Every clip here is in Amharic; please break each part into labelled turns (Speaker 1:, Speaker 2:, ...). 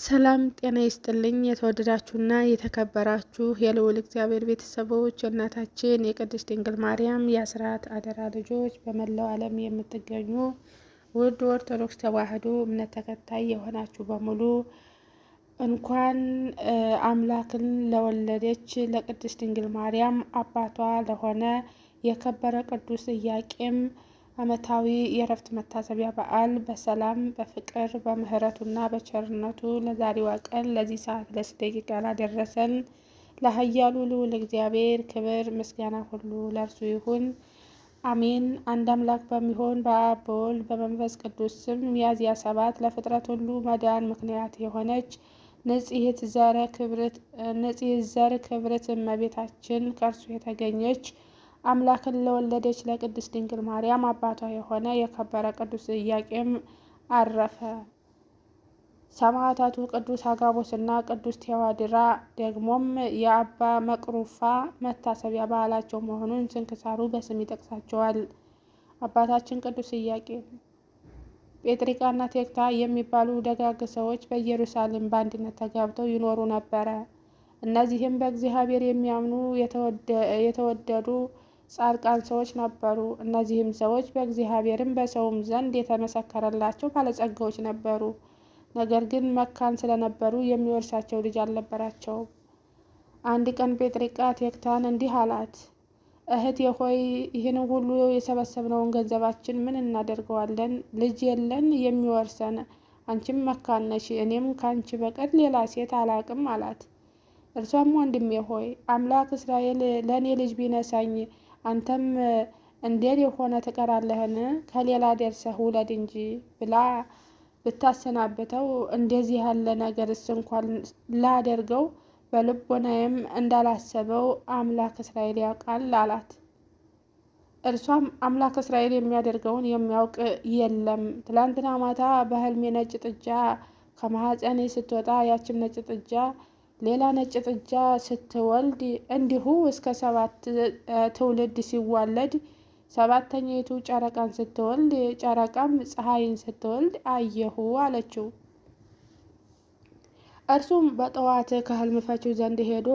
Speaker 1: ሰላም ጤና ይስጥልኝ። የተወደዳችሁና የተከበራችሁ የልዑል እግዚአብሔር ቤተሰቦች የእናታችን የቅድስት ድንግል ማርያም የአስራት አደራ ልጆች በመላው ዓለም የምትገኙ ውድ ኦርቶዶክስ ተዋሕዶ እምነት ተከታይ የሆናችሁ በሙሉ እንኳን አምላክን ለወለደች ለቅድስት ድንግል ማርያም አባቷ ለሆነ የከበረ ቅዱስ ኢያቄም ዓመታዊ የእረፍት መታሰቢያ በዓል በሰላም በፍቅር በምህረቱና በቸርነቱ ለዛሬዋ ቀን ለዚህ ሰዓት ለዚህ ደቂቃ ላደረሰን ለኃያሉ ልዑል እግዚአብሔር ክብር ምስጋና ሁሉ ለእርሱ ይሁን፣ አሜን። አንድ አምላክ በሚሆን በአብ በወልድ በመንፈስ ቅዱስ ስም ሚያዝያ ሰባት ለፍጥረት ሁሉ መዳን ምክንያት የሆነች ንጽሕት ዘር ክብርት እመቤታችን ከእርሱ የተገኘች አምላክን ለወለደች ለቅድስት ድንግል ማርያም አባቷ የሆነ የከበረ ቅዱስ ኢያቄም አረፈ። ሰማዕታቱ ቅዱስ አጋቦስና ቅዱስ ቴዋድራ ደግሞም የአባ መቅሩፋ መታሰቢያ በዓላቸው መሆኑን ስንክሳሩ በስም ይጠቅሳቸዋል። አባታችን ቅዱስ ኢያቄም ጴጥሪቃና ቴክታ የሚባሉ ደጋግ ሰዎች በኢየሩሳሌም በአንድነት ተጋብተው ይኖሩ ነበረ። እነዚህም በእግዚአብሔር የሚያምኑ የተወደዱ ጻድቃን ሰዎች ነበሩ። እነዚህም ሰዎች በእግዚአብሔርም በሰውም ዘንድ የተመሰከረላቸው ባለጸጋዎች ነበሩ። ነገር ግን መካን ስለነበሩ የሚወርሳቸው ልጅ አልነበራቸውም። አንድ ቀን ጴጥርቃ ቴክታን እንዲህ አላት፣ እህቴ ሆይ ይህን ሁሉ የሰበሰብነውን ገንዘባችን ምን እናደርገዋለን? ልጅ የለን የሚወርሰን። አንቺም መካን ነሽ፣ እኔም ከአንቺ በቀር ሌላ ሴት አላቅም አላት። እርሷም ወንድሜ ሆይ አምላክ እስራኤል ለእኔ ልጅ ቢነሳኝ አንተም እንዴት የሆነ ትቀራለህን ከሌላ ደርሰህ ውለድ እንጂ ብላ ብታሰናብተው እንደዚህ ያለ ነገርስ እንኳን ላደርገው በልቦናዬም እንዳላሰበው አምላክ እስራኤል ያውቃል አላት። እርሷም አምላክ እስራኤል የሚያደርገውን የሚያውቅ የለም። ትላንትና ማታ በህልሜ ነጭ ጥጃ ከማህፀኔ ስትወጣ ያችም ነጭ ጥጃ ሌላ ነጭ ጥጃ ስትወልድ እንዲሁ እስከ ሰባት ትውልድ ሲዋለድ ሰባተኛይቱ ጨረቃን ስትወልድ ጨረቃም ፀሐይን ስትወልድ አየሁ አለችው። እርሱም በጠዋት ከህልም ፈቺው ዘንድ ሄዶ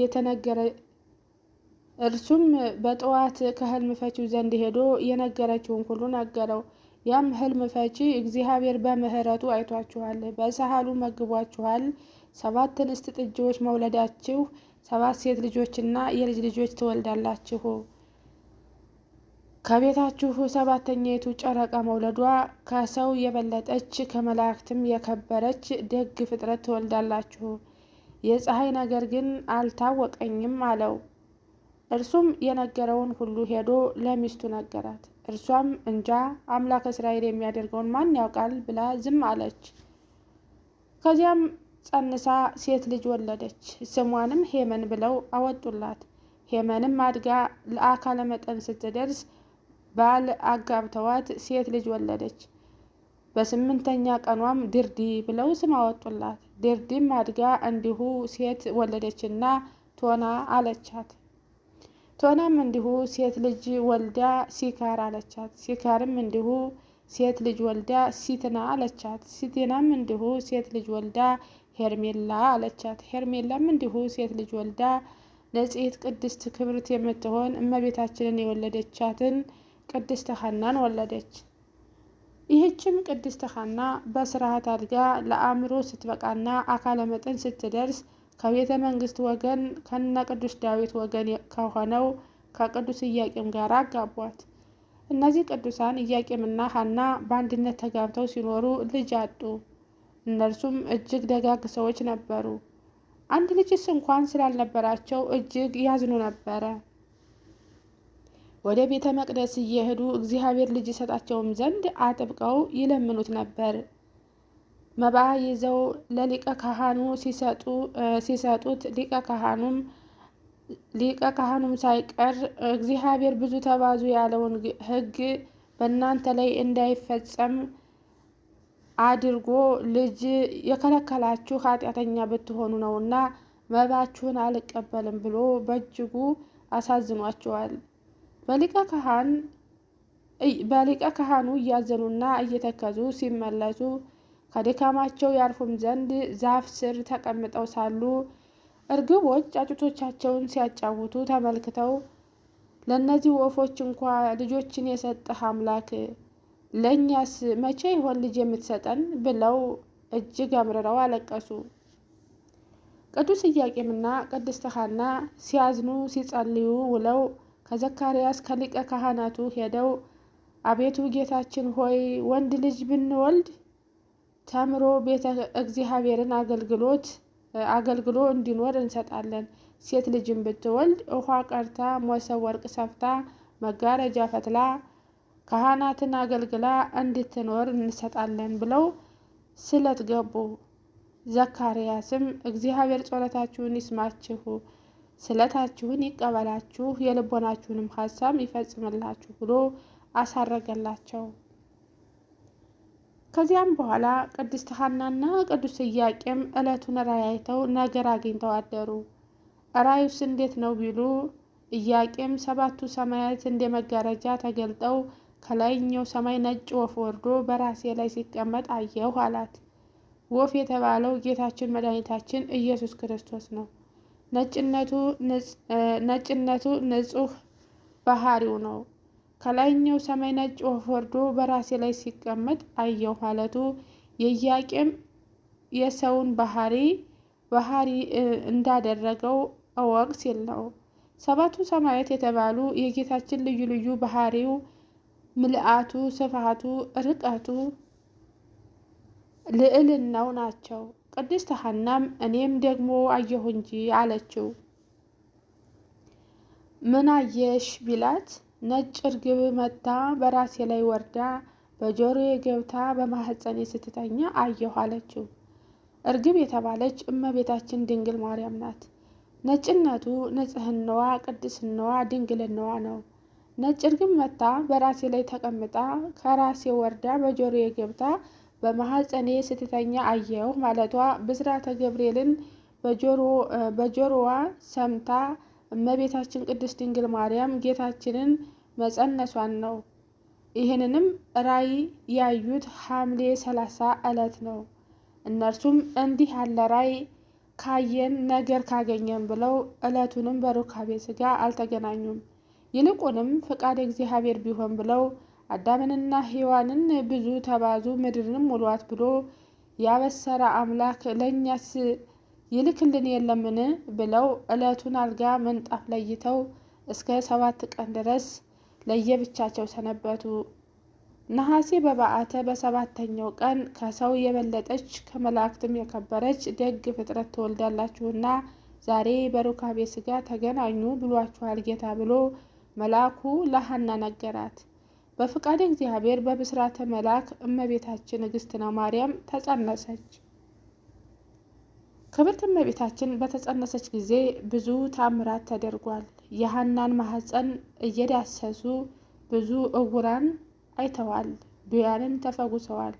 Speaker 1: የተነገረ እርሱም በጠዋት ከህልም ፈቺው ዘንድ ሄዶ የነገረችውን ሁሉ ነገረው። ያም ህልም ፈቺ እግዚአብሔር በምህረቱ አይቷችኋል፣ በሰሃሉ መግቧችኋል ሰባት እንስት ጥጆች መውለዳችሁ ሰባት ሴት ልጆችና የልጅ ልጆች ትወልዳላችሁ። ከቤታችሁ ሰባተኛይቱ ጨረቃ መውለዷ ከሰው የበለጠች ከመላእክትም የከበረች ደግ ፍጥረት ትወልዳላችሁ። የፀሐይ ነገር ግን አልታወቀኝም አለው። እርሱም የነገረውን ሁሉ ሄዶ ለሚስቱ ነገራት። እርሷም እንጃ አምላክ እስራኤል የሚያደርገውን ማን ያውቃል ብላ ዝም አለች። ከዚያም ጸንሳ ሴት ልጅ ወለደች። ስሟንም ሄመን ብለው አወጡላት። ሄመንም አድጋ ለአካለ መጠን ስትደርስ ባል አጋብተዋት ሴት ልጅ ወለደች። በስምንተኛ ቀኗም ድርዲ ብለው ስም አወጡላት። ድርዲም አድጋ እንዲሁ ሴት ወለደችና ቶና አለቻት። ቶናም እንዲሁ ሴት ልጅ ወልዳ ሲካር አለቻት። ሲካርም እንዲሁ ሴት ልጅ ወልዳ ሲትና አለቻት። ሲትናም እንዲሁ ሴት ልጅ ወልዳ ሄርሜላ አለቻት። ሄርሜላም እንዲሁ ሴት ልጅ ወልዳ ነጽሔት ቅድስት ክብርት የምትሆን እመቤታችንን የወለደቻትን ቅድስት ሐናን ወለደች። ይህችም ቅድስት ሐና በስርዓት አድጋ ለአእምሮ ስትበቃና አካለ መጠን ስትደርስ ከቤተ መንግስት ወገን ከነ ቅዱስ ዳዊት ወገን ከሆነው ከቅዱስ እያቄም ጋር አጋቧት። እነዚህ ቅዱሳን እያቄምና ሐና በአንድነት ተጋብተው ሲኖሩ ልጅ አጡ። እነርሱም እጅግ ደጋግ ሰዎች ነበሩ። አንድ ልጅስ እንኳን ስላልነበራቸው እጅግ ያዝኑ ነበረ። ወደ ቤተ መቅደስ እየሄዱ እግዚአብሔር ልጅ ይሰጣቸውም ዘንድ አጥብቀው ይለምኑት ነበር። መባ ይዘው ለሊቀ ካህኑ ሲሰጡት ሊቀ ካህኑም ሊቀ ካህኑም ሳይቀር እግዚአብሔር ብዙ ተባዙ ያለውን ሕግ በእናንተ ላይ እንዳይፈጸም አድርጎ ልጅ የከለከላችሁ ኃጢአተኛ ብትሆኑ ነውና መባችሁን አልቀበልም ብሎ በእጅጉ አሳዝኗቸዋል። በሊቀ ካህን በሊቀ ካህኑ እያዘኑና እየተከዙ ሲመለሱ ከድካማቸው ያርፉም ዘንድ ዛፍ ስር ተቀምጠው ሳሉ እርግቦች ጫጩቶቻቸውን ሲያጫውቱ ተመልክተው ለእነዚህ ወፎች እንኳ ልጆችን የሰጠህ አምላክ ለእኛስ መቼ ይሆን ልጅ የምትሰጠን ብለው እጅግ አምርረው አለቀሱ። ቅዱስ እያቄምና ቅድስት ሐና ሲያዝኑ ሲጸልዩ ውለው ከዘካርያስ ከሊቀ ካህናቱ ሄደው አቤቱ ጌታችን ሆይ ወንድ ልጅ ብንወልድ ተምሮ ቤተ እግዚአብሔርን አገልግሎት አገልግሎ እንዲኖር እንሰጣለን። ሴት ልጅን ብትወልድ ውሃ ቀርታ፣ ሞሰብ ወርቅ ሰፍታ፣ መጋረጃ ፈትላ ካህናትን አገልግላ እንድትኖር እንሰጣለን ብለው ስለት ገቡ። ዘካርያስም እግዚአብሔር ጸሎታችሁን ይስማችሁ፣ ስለታችሁን ይቀበላችሁ፣ የልቦናችሁንም ሀሳብ ይፈጽምላችሁ ብሎ አሳረገላቸው። ከዚያም በኋላ ቅድስት ሐናና ቅዱስ ጥያቄም ዕለቱን ራእይ አይተው ነገር አግኝተው አደሩ። ራእዩስ እንዴት ነው ቢሉ ጥያቄም ሰባቱ ሰማያት እንደ መጋረጃ ተገልጠው ከላይኛው ሰማይ ነጭ ወፍ ወርዶ በራሴ ላይ ሲቀመጥ አየሁ አላት። ወፍ የተባለው ጌታችን መድኃኒታችን ኢየሱስ ክርስቶስ ነው። ነጭነቱ ንጹህ ባህሪው ነው። ከላይኛው ሰማይ ነጭ ወፍ ወርዶ በራሴ ላይ ሲቀመጥ አየሁ አለቱ የኢያቄም የሰውን ባህሪ ባህሪ እንዳደረገው እወቅ ሲል ነው። ሰባቱ ሰማያት የተባሉ የጌታችን ልዩ ልዩ ባህሪው ምልአቱ፣ ስፋቱ፣ ርቀቱ፣ ልዕልናው ናቸው። ቅድስት ሐናም እኔም ደግሞ አየሁ እንጂ አለችው። ምን አየሽ ቢላት ነጭ እርግብ መታ በራሴ ላይ ወርዳ በጆሮዬ ገብታ በማህፀኔ ስትተኛ አየሁ አለችው። እርግብ የተባለች እመቤታችን ድንግል ማርያም ናት። ነጭነቱ፣ ንጽህናዋ፣ ቅድስናዋ ድንግልናዋ ነው። ነጭ እርግብ መታ በራሴ ላይ ተቀምጣ ከራሴ ወርዳ በጆሮዬ ገብታ በማህፀኔ ስትተኛ አየሁ ማለቷ ብስራተ ገብርኤልን በጆሮዋ ሰምታ እመቤታችን ቅድስት ድንግል ማርያም ጌታችንን መጸነሷን ነው። ይህንንም ራይ ያዩት ሐምሌ ሰላሳ ዕለት ነው። እነርሱም እንዲህ ያለ ራይ ካየን ነገር ካገኘን ብለው ዕለቱንም በሩካቤ ስጋ አልተገናኙም። ይልቁንም ፈቃድ እግዚአብሔር ቢሆን ብለው አዳምንና ሔዋንን ብዙ ተባዙ ምድርንም ሙሏት ብሎ ያበሰረ አምላክ ለእኛስ ይልክልን የለምን ብለው ዕለቱን አልጋ መንጣፍ ለይተው እስከ ሰባት ቀን ድረስ ለየብቻቸው ሰነበቱ። ነሐሴ በበዓተ በሰባተኛው ቀን ከሰው የበለጠች ከመላእክትም የከበረች ደግ ፍጥረት ትወልዳላችሁና ዛሬ በሩካቤ ሥጋ ተገናኙ ብሏችኋል ጌታ ብሎ መልአኩ ለሐና ነገራት። በፍቃድ እግዚአብሔር በብስራተ መልአክ እመቤታችን ንግሥትነ ማርያም ተጸነሰች። ክብርት እመቤታችን በተጸነሰች ጊዜ ብዙ ታምራት ተደርጓል። የሐናን ማህፀን እየዳሰሱ ብዙ እውራን አይተዋል፣ ዱያንን ተፈውሰዋል፣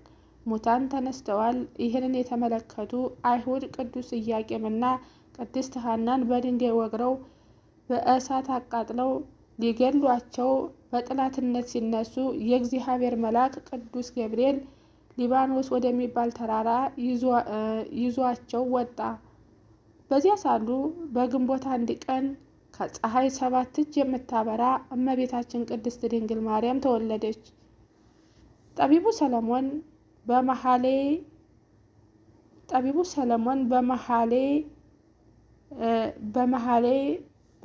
Speaker 1: ሙታን ተነስተዋል። ይህንን የተመለከቱ አይሁድ ቅዱስ እያቄምና ቅድስት ሐናን በድንጋይ ወግረው በእሳት አቃጥለው ሊገድሏቸው በጥናትነት ሲነሱ የእግዚአብሔር መልአክ ቅዱስ ገብርኤል ሊባኖስ ወደሚባል ተራራ ይዟቸው ወጣ። በዚያ ሳሉ በግንቦት አንድ ቀን ከፀሐይ ሰባት እጅ የምታበራ እመቤታችን ቅድስት ድንግል ማርያም ተወለደች። ጠቢቡ ሰለሞን በመሐሌ ጠቢቡ ሰለሞን በመሐሌ በመሐሌ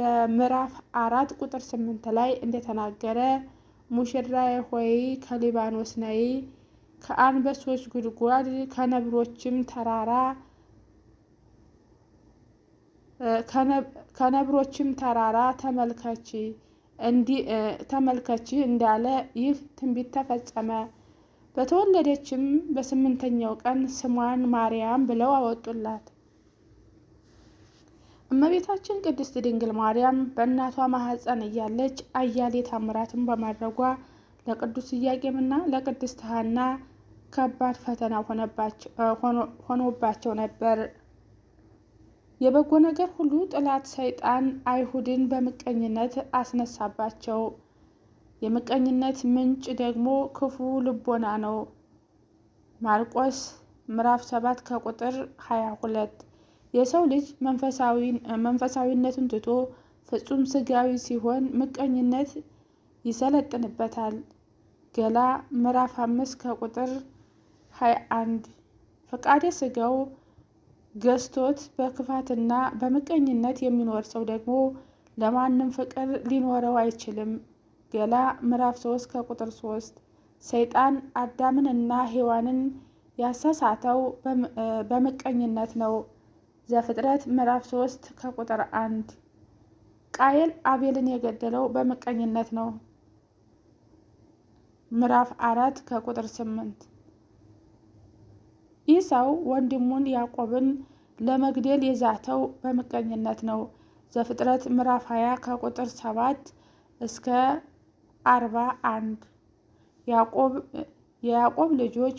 Speaker 1: በምዕራፍ አራት ቁጥር ስምንት ላይ እንደተናገረ ሙሽራዬ ሆይ ከሊባኖስ ነይ፣ ከአንበሶች ጉድጓድ ከነብሮችም ተራራ ከነብሮችም ተራራ ተመልከች ተመልከች እንዳለ ይህ ትንቢት ተፈጸመ። በተወለደችም በስምንተኛው ቀን ስሟን ማርያም ብለው አወጡላት። እመቤታችን ቅድስት ድንግል ማርያም በእናቷ ማህፀን እያለች አያሌ ታምራትን በማድረጓ ለቅዱስ ኢያቄምና ለቅድስት ሐና ከባድ ፈተና ሆኖባቸው ነበር። የበጎ ነገር ሁሉ ጠላት ሰይጣን አይሁድን በምቀኝነት አስነሳባቸው። የምቀኝነት ምንጭ ደግሞ ክፉ ልቦና ነው። ማርቆስ ምዕራፍ 7 ከቁጥር 22 የሰው ልጅ መንፈሳዊነቱን ትቶ ፍጹም ስጋዊ ሲሆን ምቀኝነት ይሰለጥንበታል። ገላ ምዕራፍ አምስት ከቁጥር 21 ፈቃደ ስጋው ገዝቶት በክፋትና በምቀኝነት የሚኖር ሰው ደግሞ ለማንም ፍቅር ሊኖረው አይችልም። ገላ ምዕራፍ 3 ከቁጥር 3 ሰይጣን አዳምንና ሔዋንን ያሳሳተው በምቀኝነት ነው። ዘፍጥረት ምዕራፍ 3 ከቁጥር 1 ቃየል አቤልን የገደለው በምቀኝነት ነው። ምዕራፍ 4 ከቁጥር 8 ኢሳው ወንድሙን ያዕቆብን ለመግደል የዛተው በምቀኝነት ነው። ዘፍጥረት ምዕራፍ 20 ከቁጥር 7 እስከ 41 ያዕቆብ የያዕቆብ ልጆች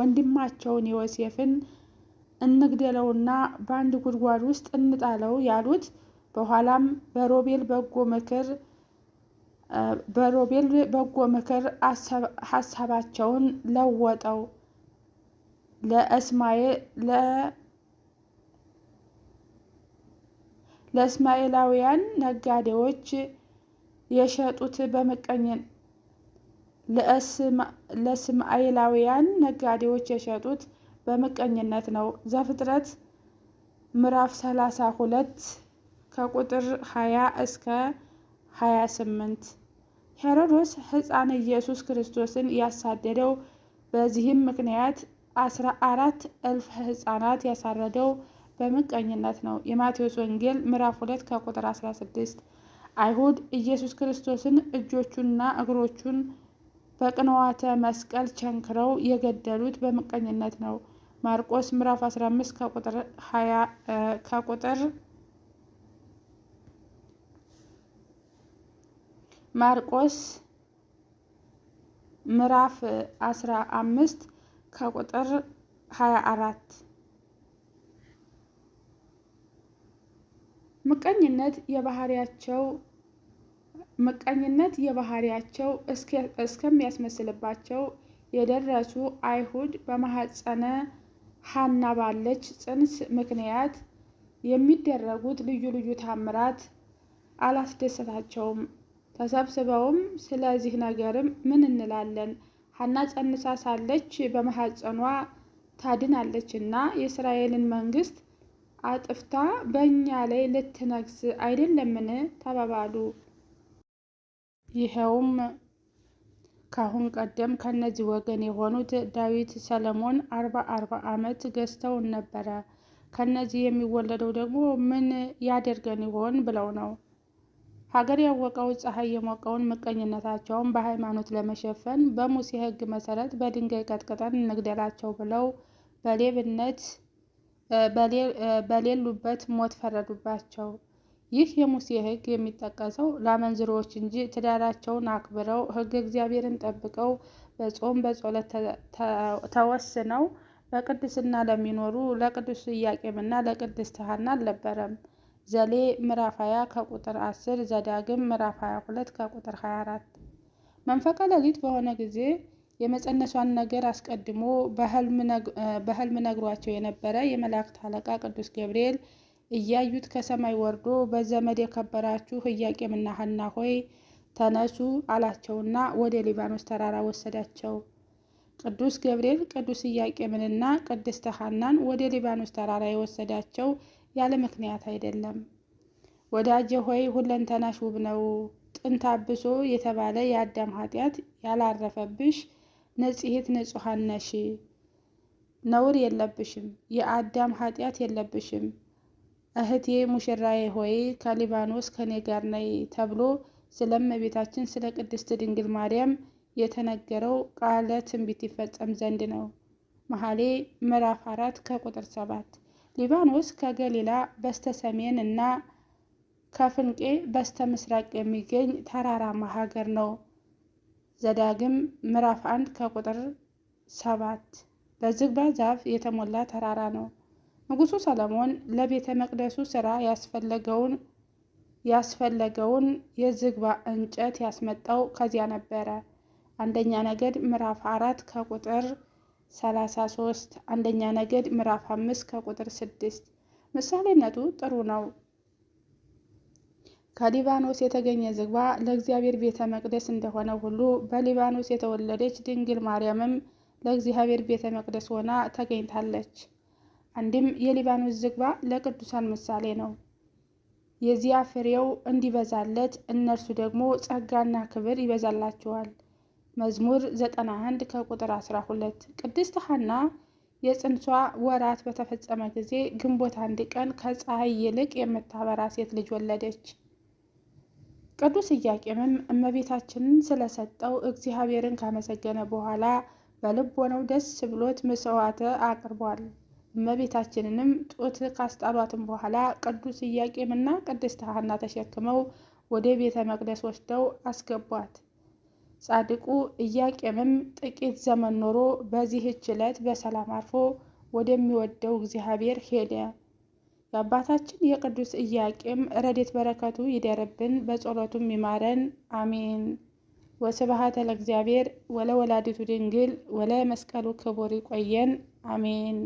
Speaker 1: ወንድማቸውን ዮሴፍን እንግደለውና በአንድ ጉድጓድ ውስጥ እንጣለው ያሉት በኋላም በሮቤል በጎ ምክር በሮቤል በጎ ምክር ሀሳባቸውን ለወጠው። ለእስማኤላውያን ነጋዴዎች የሸጡት በመቀኘን ለእስማኤላውያን ነጋዴዎች የሸጡት በምቀኝነት ነው። ዘፍጥረት ምዕራፍ 32 ከቁጥር 20 እስከ 28። ሄሮድስ ሕፃን ኢየሱስ ክርስቶስን ያሳደደው በዚህም ምክንያት አስራ አራት እልፍ ሕፃናት ያሳረደው በምቀኝነት ነው። የማቴዎስ ወንጌል ምዕራፍ 2 ከቁጥር 16። አይሁድ ኢየሱስ ክርስቶስን እጆቹና እግሮቹን በቅንዋተ መስቀል ቸንክረው የገደሉት በምቀኝነት ነው። ማርቆስ ምዕራፍ 15 ከቁጥር 20 ከቁጥር ማርቆስ ምዕራፍ 15 ከቁጥር 24 ምቀኝነት የባህሪያቸው ምቀኝነት የባህሪያቸው እስከሚያስመስልባቸው የደረሱ አይሁድ በማኅፀነ ሀና ባለች ጽንስ ምክንያት የሚደረጉት ልዩ ልዩ ታምራት አላስደሰታቸውም። ተሰብስበውም ስለዚህ ነገርም ምን እንላለን? ሀና ጸንሳ ሳለች በማኅፀኗ ታድናለች እና የእስራኤልን መንግስት አጥፍታ በእኛ ላይ ልትነግስ አይደለምን? ተባባሉ። ይኸውም ከአሁን ቀደም ከነዚህ ወገን የሆኑት ዳዊት፣ ሰለሞን አርባ አርባ ዓመት ገዝተውን ነበረ። ከነዚህ የሚወለደው ደግሞ ምን ያደርገን ይሆን ብለው ነው። ሀገር ያወቀው ፀሐይ የሞቀውን ምቀኝነታቸውን በሃይማኖት ለመሸፈን በሙሴ ሕግ መሰረት በድንጋይ ቀጥቅጠን እንግደላቸው ብለው በሌብነት በሌሉበት ሞት ፈረዱባቸው። ይህ የሙሴ ሕግ የሚጠቀሰው ለአመንዝሮዎች እንጂ ትዳራቸውን አክብረው ህግ እግዚአብሔርን ጠብቀው በጾም በጸሎት ተወስነው በቅድስና ለሚኖሩ ለቅዱስ ኢያቄምና ለቅድስት ሐና አልነበረም። ዘሌ ምዕራፍ 20 ከቁጥር 10፣ ዘዳግም ምዕራፍ 22 ከቁጥር 24። መንፈቀ ሌሊት በሆነ ጊዜ የመጸነሷን ነገር አስቀድሞ በህልም ነግሯቸው የነበረ የመላእክት አለቃ ቅዱስ ገብርኤል እያዩት ከሰማይ ወርዶ በዘመድ የከበራችሁ ኢያቄምና ሐና ሆይ ተነሱ አላቸውና ወደ ሊባኖስ ተራራ ወሰዳቸው። ቅዱስ ገብርኤል ቅዱስ ኢያቄምንና ቅድስት ሐናን ወደ ሊባኖስ ተራራ የወሰዳቸው ያለ ምክንያት አይደለም። ወዳጄ ሆይ ሁለንተናሽ ውብ ነው። ጥንት አብሶ የተባለ የአዳም ኃጢአት ያላረፈብሽ ንጽሕት ንጹሐን ነሽ። ነውር የለብሽም። የአዳም ኃጢአት የለብሽም። እህቴ ሙሽራዬ ሆይ ከሊባኖስ ከኔ ጋር ነይ ተብሎ ስለ እመቤታችን ስለ ቅድስት ድንግል ማርያም የተነገረው ቃለ ትንቢት ይፈጸም ዘንድ ነው። መሐሌ ምዕራፍ አራት ከቁጥር ሰባት ሊባኖስ ከገሊላ በስተ ሰሜን እና ከፍንቄ በስተ ምስራቅ የሚገኝ ተራራማ ሀገር ነው። ዘዳግም ምዕራፍ አንድ ከቁጥር ሰባት በዝግባ ዛፍ የተሞላ ተራራ ነው። ንጉሱ ሰለሞን ለቤተ መቅደሱ ሥራ ያስፈለገውን ያስፈለገውን የዝግባ እንጨት ያስመጣው ከዚያ ነበረ። አንደኛ ነገድ ምዕራፍ አራት ከቁጥር 33 አንደኛ ነገድ ምዕራፍ አምስት ከቁጥር 6። ምሳሌነቱ ጥሩ ነው። ከሊባኖስ የተገኘ ዝግባ ለእግዚአብሔር ቤተ መቅደስ እንደሆነ ሁሉ በሊባኖስ የተወለደች ድንግል ማርያምም ለእግዚአብሔር ቤተ መቅደስ ሆና ተገኝታለች። አንድም የሊባኖስ ዝግባ ለቅዱሳን ምሳሌ ነው። የዚያ ፍሬው እንዲበዛለት እነርሱ ደግሞ ጸጋና ክብር ይበዛላቸዋል። መዝሙር 91 ከቁጥር 12። ቅድስት ሐና የጽንሷ ወራት በተፈጸመ ጊዜ ግንቦት አንድ ቀን ከፀሐይ ይልቅ የምታበራ ሴት ልጅ ወለደች። ቅዱስ ኢያቄምም እመቤታችንን ስለሰጠው እግዚአብሔርን ካመሰገነ በኋላ በልቦናው ደስ ብሎት ምጽዋት አቅርቧል። እመቤታችንንም ጡት ካስጣሏትም በኋላ ቅዱስ ኢያቄምና ቅድስት ሐና ተሸክመው ወደ ቤተ መቅደስ ወስደው አስገቧት። ጻድቁ ኢያቄምም ጥቂት ዘመን ኖሮ በዚህች ዕለት በሰላም አርፎ ወደሚወደው እግዚአብሔር ሄደ። የአባታችን የቅዱስ ኢያቄም ረዴት በረከቱ ይደርብን፣ በጸሎቱም ይማረን፣ አሜን። ወስብሐት ለእግዚአብሔር ወለወላዲቱ ድንግል ወለመስቀሉ ክቡር ይቆየን፣ አሜን።